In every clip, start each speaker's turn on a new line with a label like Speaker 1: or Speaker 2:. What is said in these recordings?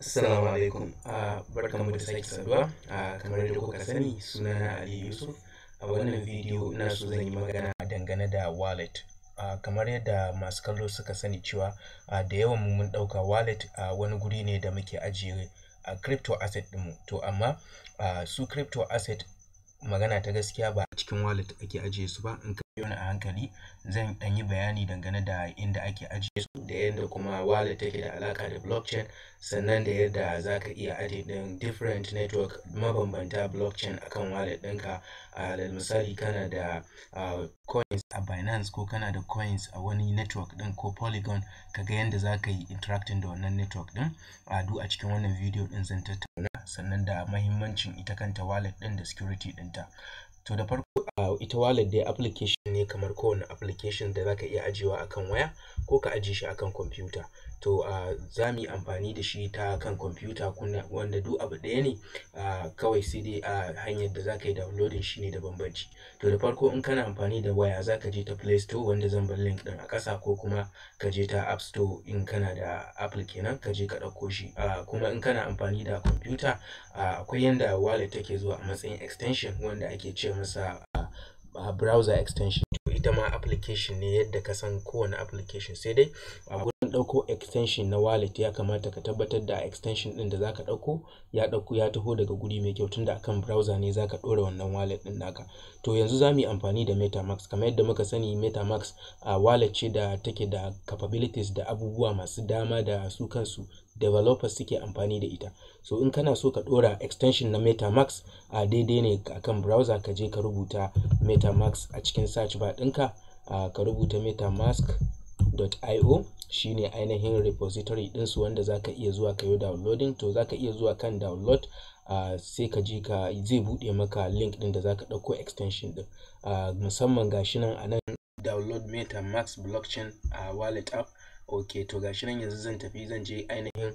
Speaker 1: Assalamu alaikum uh, barkanmu da sake saduwa uh, kamar yadda kuka sani sunana Ali Yusuf a uh, wannan bidiyo ina so zan yi magana dangane da wallet ah, kamar yadda masu kallo suka sani cewa da yawan mun ɗauka wallet a wani guri ne da muke ajiye a crypto asset ɗinmu to amma su crypto asset magana ta gaskiya ba a cikin wallet ake ajiye su ba in ka biyo a hankali zan dan yi bayani dangane da inda ake ajiye su da yadda kuma wallet take da alaka da blockchain sannan da yadda za ka iya ajiye din different network mabambanta blockchain akan wallet ɗinka da misali kana da coins a Binance ko kana da coins a wani network din ko Polygon ka ga yadda za ka yi interacting da wannan network ɗin a du a cikin wannan video din zan tattauna sannan da mahimmancin ita kanta wallet ɗin da security ɗin to da farko ita wallet dai application ne kamar kowane application da zaka iya ajiyewa akan waya ko ka ajiye shi akan kwamfuta to za mu yi amfani da shi ta kan kwamfuta wanda duk abu ɗaya ne a kawai sai dai a hanyar da za ka yi downloading shi ne da bambanci to da farko in kana amfani da waya za ka je ta play store wanda zan bar link ɗin a ƙasa ko kuma ka je ta app store in kana da apple kenan ka je ka ɗauko shi kuma in kana amfani da kwamfuta akwai yanda wallet take zuwa a matsayin extension wanda ake ce masa browser extension ita ma application ne yadda ka san kowane application sai dai ɗauko extension na wallet ya kamata ka tabbatar da extension ɗin da za ka ɗauko ya ɗauko ya taho daga guri mai kyau tunda akan browser ne za ka ɗora wannan wallet ɗin naka to yanzu za mu yi amfani da metamax kamar yadda muka sani metamax a ah, wallet ce da take da capabilities da abubuwa masu dama da su kansu developers suke amfani da ita so in kana so ka ɗora extension na metamax a daidai ne akan browser ka je ka rubuta metamax a cikin search bar ɗinka ka rubuta metamask .io shine ainihin repository ɗinsu wanda za ka iya zuwa ka yi downloading to za ka iya zuwa kan download uh, sai ka ji ka zai buɗe maka link ɗin da za ka ɗauko extension ɗin uh, musamman shi nan a nan download metamax blockchain uh, wallet app ok to ga shi nan yanzu zan tafi zan je ainihin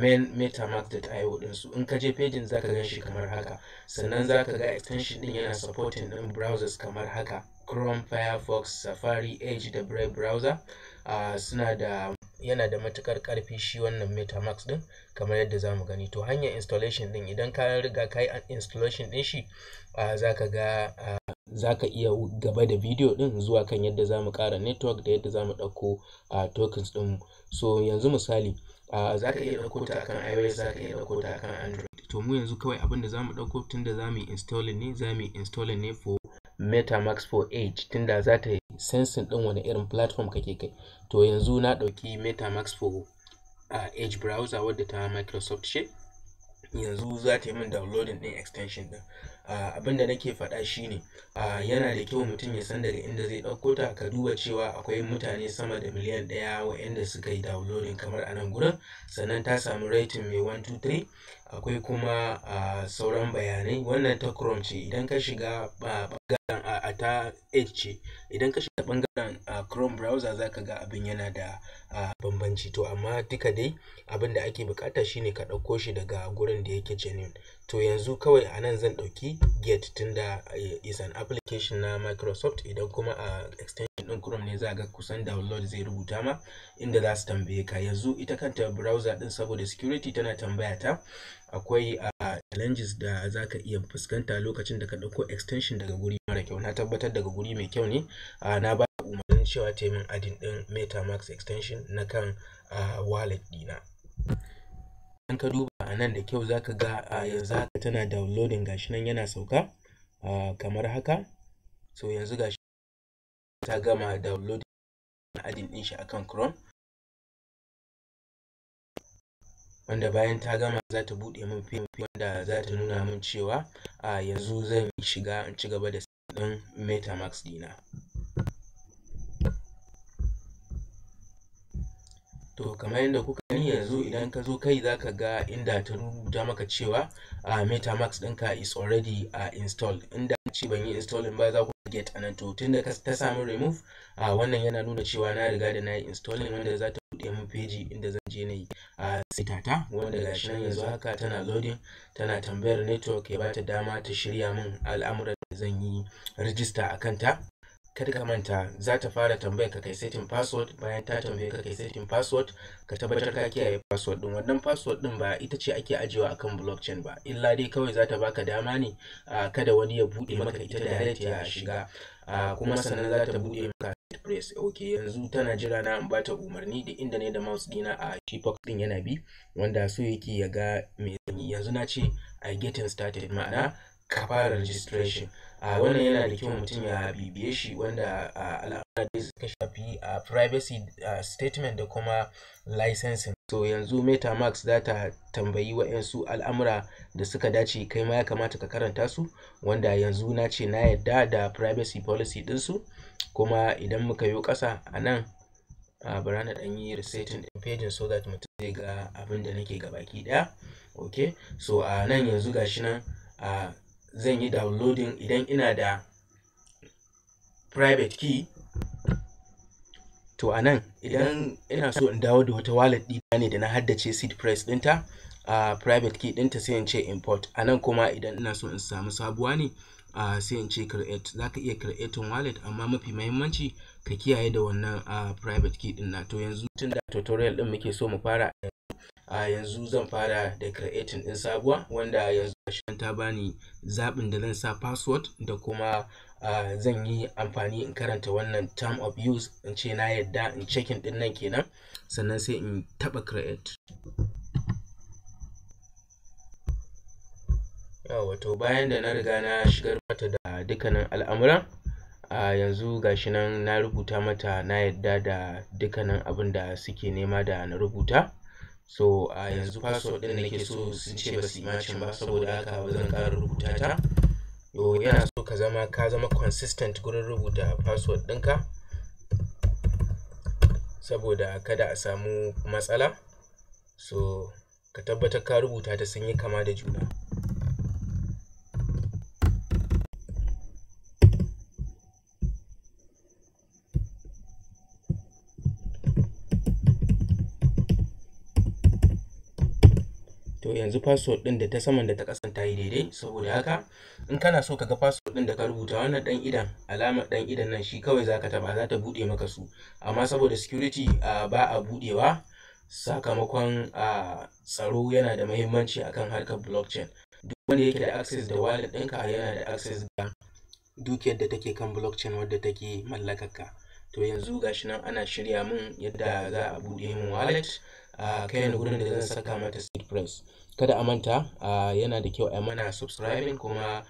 Speaker 1: main metamax.io ɗinsu in ka je pejin za ka gan shi kamar haka sannan za ka ga extension ɗin yana supporting ɗin browsers kamar haka chrome firefox safari edge da brave browser uh, suna da yana da matukar karfi shi wannan metamax din kamar yadda za mu gani to hanyar installation din idan ka riga ka yi installation din shi uh, za ka ga uh, za ka iya gaba da bidiyo din zuwa kan yadda za mu kara network da yadda za mu ɗauko uh, tokens din so yanzu misali uh, za ka iya ɗauko ta kan ios za ka iya ɗauko ta kan android to mu yanzu kawai abin da za mu ɗauko tun da za mu yi installing ne za mu yi installing ne for metamax for age tunda za ta sensing ɗin wani irin platform kake kai to yanzu na ɗauki metamax for uh, ah, browser wadda ta microsoft ce yanzu za ta yi min downloading ɗin extension ɗin, abin da nake faɗa shi shine yana da kyau mutum ya san daga inda zai ɗauko ta ka duba cewa akwai mutane sama da miliyan ɗaya waɗanda suka yi downloading kamar a nan gurin sannan ta samu rating mai 123 akwai kuma sauran bayanai wannan ta chrome ce idan ka shiga a a ta Edge idan ka shiga ɓangaren ah, Chrome browser za ka ga abin yana da ah, bambanci to amma duka dai abin da ake buƙata shine ka ɗauko shi daga gurin da yake genuine to yanzu kawai a nan zan ɗauki get tunda eh, is an application na Microsoft idan kuma a extension ɗin Chrome ne za ga kusan download zai rubuta ma inda za su tambaye ka yanzu ita kanta browser ɗin saboda security tana tambaya ta akwai ah, a challenges da zaka iya fuskanta lokacin da ka ɗauko extension daga guri mara kyau na tabbatar daga guri mai kyau ne na ba umarnin cewa ta min adin ɗin metamax extension na kan wallet dina. idan ka duba a nan da kyau zaka ka ga yanzu haka tana downloading gashi nan yana sauka kamar haka so yanzu gashi ta gama downloading adin ɗin shi akan chrome wanda bayan ta gama za ta buɗe min fim wanda za ta nuna min cewa a yanzu zan shiga in ci gaba da ɗin metamax ɗina. to kamar yadda kuka gani yanzu idan ka zo kai zaka ga inda ta rubuta maka cewa a metamax ɗinka is already a installed inda ce ban yi installing ba za ku get a nan to da ta samu remove a wannan yana nuna cewa na riga da na yi installing wanda za ta buɗe min peji inda zan je na yi a sitata wanda shi nan yanzu haka tana loading tana tambayar network ya ba ta dama ta shirya min al'amuran da zan yi rijista a kanta kada ka manta za ta fara tambayar ka kai setting password bayan ta tambaye ka kai setting password ka tabbatar ka kiyaye password din wannan password din ba ita ce ake ajiyewa akan blockchain ba illa dai kawai za ta baka dama ne kada wani ya bude maka ita direct ya shiga kuma sannan za ta bude maka press ok yanzu tana jira na in bata umarni da inda ne da mouse dina a keybox din yana bi wanda so yake ya ga me yanzu na ce i getting started ma'ana ka fara registration a wannan yana da kyau mutum ya bibiye shi wanda al'amura da suka shafi a privacy statement da kuma licensing so yanzu metamax za ta tambayi wa'yansu al'amura da suka dace kai ma ya kamata ka karanta su wanda yanzu na ce na yadda da privacy policy ɗinsu kuma idan muka yo ƙasa a nan Uh, bari na ɗan yi resetting ɗin pejin so that mutum zai ga abin da nake gabaki ɗaya ok so a nan yanzu gashi nan a zan yi downloading idan ina da private key to anan idan ina so in dawo da wata wallet ɗina ne da na haddace seed press ɗinta a private key ɗinta sai in ce import a kuma idan ina so in samu sabuwa ne uh, sai in ce create za ka iya creating wallet amma mafi mahimmanci ka kiyaye da wannan uh, private key ɗin na to yanzu tun da tutorial ɗin muke so mu fara a yanzu zan fara da creating ɗin sabuwa wanda yanzu gashinan ta bani zabin da zan sa password da kuma zan yi amfani in karanta wannan term of use in ce na yadda in checking ɗin nan kenan sannan sai in taɓa create wato bayan da na riga na shigar mata da dukkanin al'amuran a yanzu gashi nan na rubuta mata na yadda da dukkanin abin da suke nema da na rubuta so a yanzu password din nake so sun ce ba su imacin ba saboda haka ba zan ƙara rubuta ta to yana so ka zama ka zama consistent gurin rubuta password ɗinka saboda kada a samu matsala so ka tabbatar ka rubuta ta sun yi kama da juna yanzu password din da ta saman da ta ƙasan ta yi daidai saboda haka in kana so ka ga password din da ka rubuta wannan ɗan idan alamar ɗan idan nan shi kawai zaka taba taɓa za ta buɗe maka su amma saboda security ba a buɗewa sakamakon tsaro yana da mahimmanci akan harkar blockchain duk wanda yake da access da wallet ɗinka yana da access ga dukiyar da take kan blockchain wadda take mallakar ka to yanzu gashi nan ana shirya mun yadda za a buɗe mun wallet a kai gurin da zan saka mata seed press kada a manta yana da kyau a mana subscribing kuma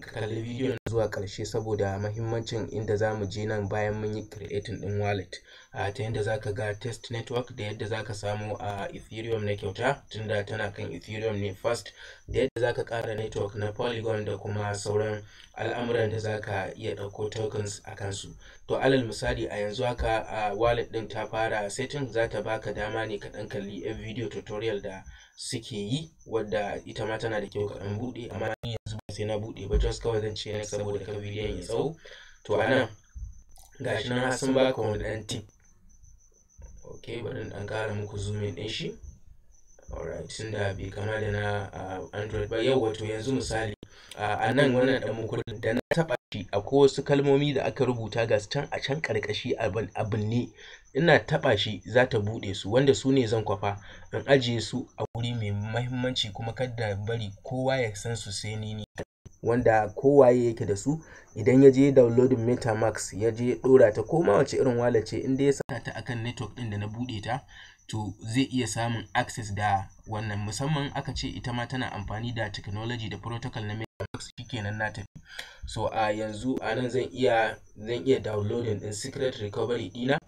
Speaker 1: ka kalli na zuwa ƙarshe saboda mahimmancin inda za mu je nan bayan mun yi creating ɗin wallet ta yadda za ka ga test network da yadda za ka samu a ethereum na kyauta tunda tana kan ethereum ne first da yadda za ka ƙara network na polygon da kuma sauran al'amuran da za ka iya ɗauko tokens a kansu to alal misali a yanzu haka wallet ɗin ta fara setting za ta baka dama ne ka ɗan kalli yan video tutorial da suke yi wadda ita ma tana da kyau kaɗan buɗe amma ni yanzu ba sai na buɗe ba just kawai zan ce ne saboda kan bidiyon ya tsawo to a nan shi nan sun baka wani ɗan tip ok bari ɗan ƙara muku zoomin ɗin shi alright da bai kama da na android ba yau wato yanzu misali a nan wannan ɗan mukullin da na taɓa shi akwai wasu kalmomi da aka rubuta ga can a can ƙarƙashi abin ne ina taɓa shi za ta buɗe su wanda su ne zan kwafa in ajiye su a mahimmanci kuma kada bari kowa ya san su sai ni ne wanda kowaye yake da su idan ya je downloadin metamax ya je ɗora ta koma wace irin wallet ce inda ya sata ta akan network ɗin da na buɗe ta to zai iya samun access da wannan musamman aka ce ita ma tana amfani da technology da protocol na metamax shikenan na tafi so a yanzu a nan zan iya zan iya downloading din secret recovery dina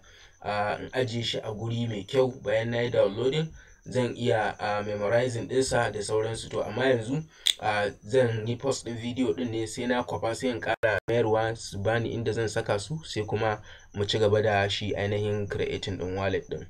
Speaker 1: in ajiye shi a guri mai kyau bayan na yi downloading zan iya uh, memorizing ɗinsa da sauransu to amma yanzu uh, zan yi post ɗin video ɗin ne sai na kwafa sai in ƙara mayarwa su bani inda zan saka su sai kuma mu ci gaba da shi ainihin creating ɗin wallet ɗin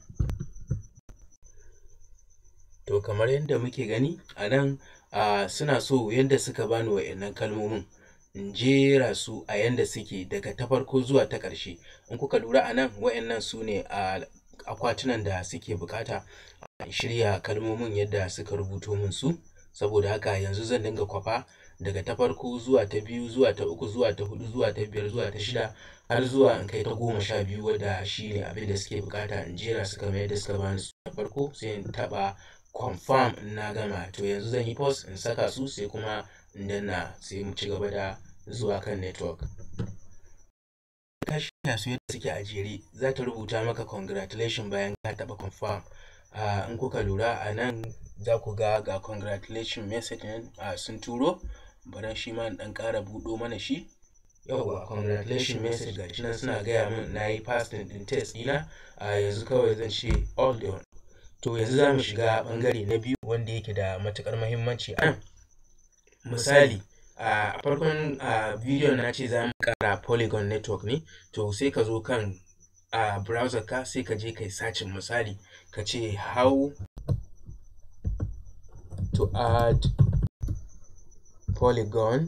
Speaker 1: to kamar yadda muke gani a nan uh, suna so yadda suka bani wa'annan kalmomin in jera su a yadda suke daga ta farko zuwa ta ƙarshe in kuka lura a nan wa'annan su ne a akwatunan da suke bukata shirya kalmomin yadda suka rubuto min su saboda haka yanzu zan dinga kwafa daga ta farko zuwa ta biyu zuwa ta uku zuwa ta hudu zuwa ta biyar zuwa ta shida har zuwa in kai ta goma sha biyu wadda shi ne abin da suke bukata in jera su kamar yadda suka bani su na farko sai in taba confirm in na gama to yanzu zan yi post in saka su sai kuma in danna sai mu ci gaba da zuwa kan network ka shirya su yadda suke a jere za ta rubuta maka congratulation bayan ka taɓa confirm in kuka lura a nan za ku ga ga congratulation message sun turo bari shi ma ɗan ƙara buɗo mana shi yawwa congratulation message ga nan suna gaya min na yi passing din test ɗina a yanzu kawai zan ce all done to yanzu za mu shiga bangare na biyu wanda yake da matuƙar muhimmanci a misali a farkon video na ce za mu kara polygon network ne to sai ka zo kan a browser ka sai ka je kai sacin misali ka ce how to add polygon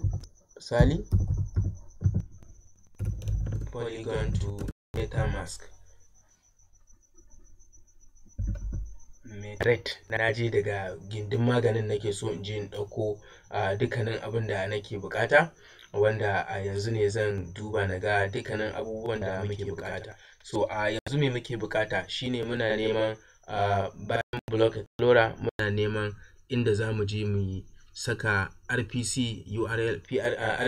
Speaker 1: misali polygon to metamask mai na je daga gindin maganin nake so in je in ɗauko dukkanin abin da nake bukata wanda a yanzu ne zan duba na ga dukkanin abubuwan da muke bukata so a yanzu me muke bukata shine muna neman bayan block explorer muna neman inda za mu je mu saka rpc url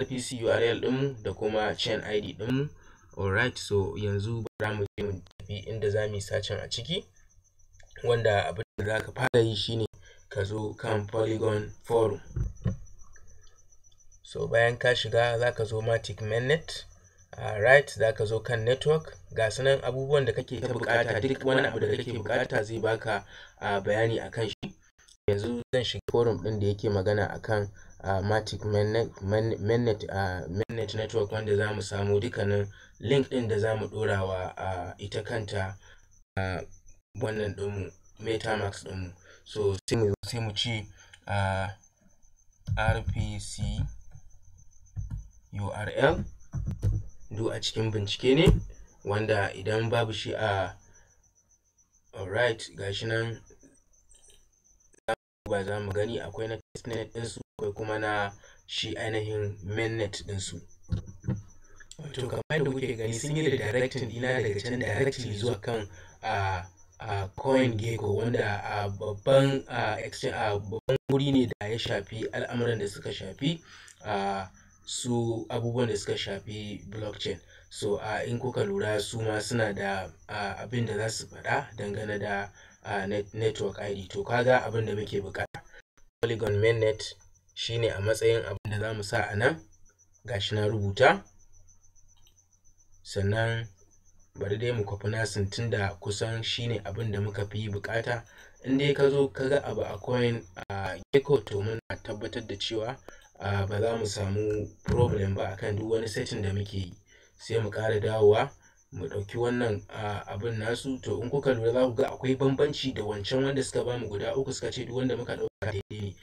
Speaker 1: rpc url ɗinmu da kuma chain id ɗinmu alright so yanzu ba za mu je mu tafi inda za mu yi sacin a ciki wanda abin da za ka fara yi shine ne ka zo kan Polygon forum. So bayan ka shiga za ka zo Matic Mainnet, a right za ka zo kan network, ga nan abubuwan da kake ta bukata duk wani abu da kake bukata zai baka a bayani akan shi. Yanzu zan shiga forum ɗin da yake magana akan a Matic Mainnet a Mainnet network wanda za mu samu dukkanin link ɗin da za mu ɗora wa ita kanta wannan ɗinmu metamax ɗinmu so sai mu ce a ah, rpc url du a cikin bincike ne wanda idan babu shi a alright gashi nan ba za mu gani akwai na testnet ɗinsu akwai kuma na shi ainihin mainnet ɗinsu to kamar yadda kuke gani sun yi da directing ina daga can directly zuwa kan a ah, a coin gecko wanda a babban a babban guri ne da ya shafi al'amuran da suka shafi a su abubuwan da suka shafi blockchain so a in kuka lura su ma suna da abin da za su faɗa dangane da network id to kaga abin da muke bukata polygon mainnet shine a matsayin abin da za mu sa a nan gashi na rubuta sannan bari dai mu kwafi nasin tunda kusan shine abin da muka fi bukata in dai ka zo ka ga abu a coin a gecko to muna tabbatar da cewa ba za mu samu problem ba akan duk wani setin da muke yi sai mu ƙara dawowa mu ɗauki wannan abin nasu to in kuka lura za ku ga akwai bambanci da wancan wanda suka ba mu guda uku suka ce duk wanda muka ɗauka daidai ne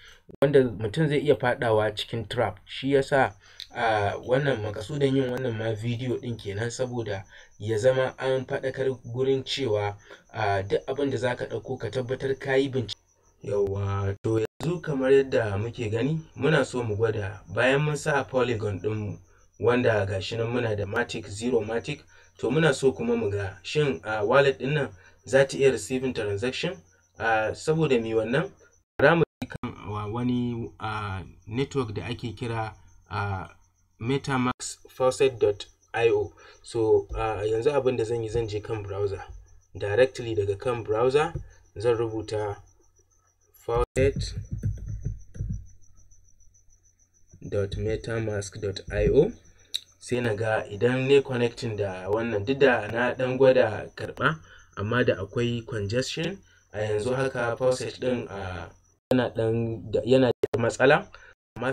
Speaker 1: wanda mutum zai iya faɗawa cikin trap shi yasa a wannan makasudin yin wannan ma bidiyo ɗin kenan saboda ya zama an faɗakar gurin cewa a duk abin da za ka ɗauko ka tabbatar ka yi bincike yawwa to yanzu kamar yadda muke gani muna so mu gwada bayan mun sa polygon mu, wanda gashi nan muna da matic zero matic to muna so kuma mu ga shin a walet wallet ɗin nan za ta iya receiving transaction a saboda mi wannan za mu kan wani a network da ake kira uh, metamax so uh, yanzu abin da zan yi zan je kan browser directly daga kan browser zan rubuta faucet.metamask.io sai na ga idan ne connecting da wannan duk da na dan gwada karba amma da akwai congestion a yanzu haka faucet din uh, yana dan yana da matsala amma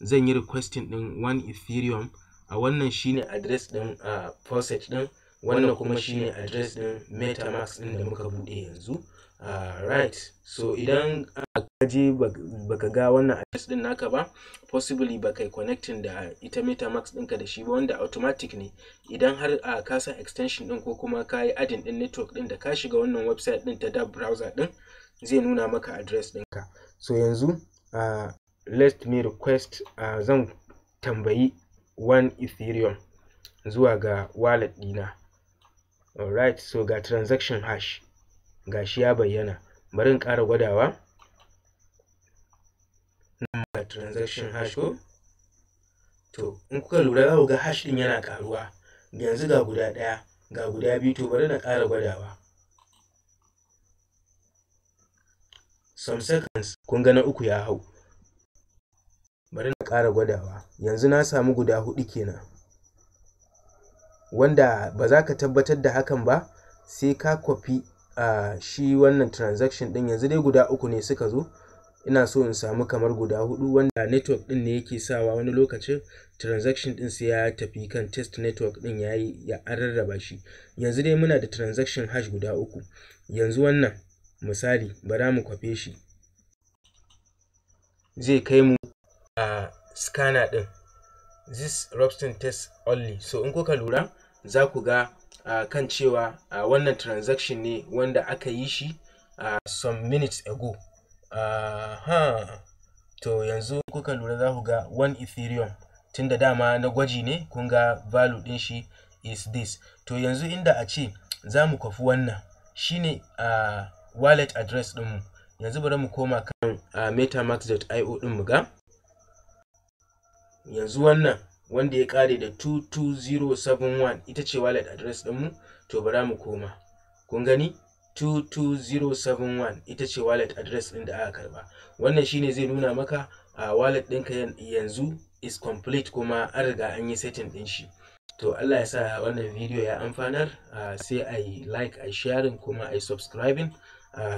Speaker 1: zan yi requesting din one ethereum a wannan shine address din a faucet din wannan kuma shine address din metamask din da muka bude yanzu so idan ka je baka ga wannan address din naka ba possibly baka yi connecting da ita metamax ɗinka da shi ba wanda automatic ne idan har a ka san extension din ko kuma ka yi adin din network din da ka shiga wannan website din ta da browser din zai nuna maka address ɗinka so yanzu let me request uh, zan tambayi one ethereum zuwa ga wallet dina alright so ga transaction hash ga shi ya bayyana bari in ƙara gwadawa ga transaction hash ko to in kuka lura za ku ga hash din yana karuwa yanzu ga guda ɗaya ga guda biyu to bari na ƙara gwadawa some seconds kun ga na uku ya hau ƙara gwadawa yanzu na samu guda hudu kenan wanda ba za ka tabbatar da hakan ba sai ka kwafi a shi wannan transaction din yanzu dai guda uku ne suka zo ina so in samu kamar guda hudu wanda network din ne yake sawa wani lokacin transaction din sai ya tafi kan test network din ya yi ya an rarraba shi yanzu dai muna da transaction hash guda uku yanzu wannan misali bara mu kwafe shi zai kai mu a scanner din this Robson test only so in kuka lura za ku ga uh, kan cewa uh, wannan transaction ne wanda aka yi shi uh, some minutes ago uh, to yanzu kuka lura za ku ga one ethereum tunda dama na gwaji ne kun ga value din shi is this to yanzu inda a ce za mu kwafi wannan shine uh, wallet address ɗinmu yanzu bari mu koma kan uh, metamax.io din mu ga yanzu wannan wanda ya kare da two, two, zero, seven, one ita ce wallet address mu, to bara mu koma kun gani one ita ce wallet address ɗin da aka karba wannan shine zai nuna maka a wallet ɗinka yanzu is complete kuma an riga an yi setting ɗin shi to Allah ya sa wannan video ya amfanar sai a yi like a sharing kuma a yi subscribing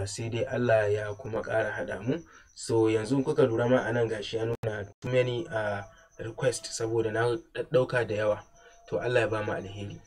Speaker 1: sai dai Allah ya kuma ƙara haɗa mu so yanzu kuka lura ma anan gashi ya nuna too many uh, request saboda na ɗauka da yawa to Allah ya ba mu alheri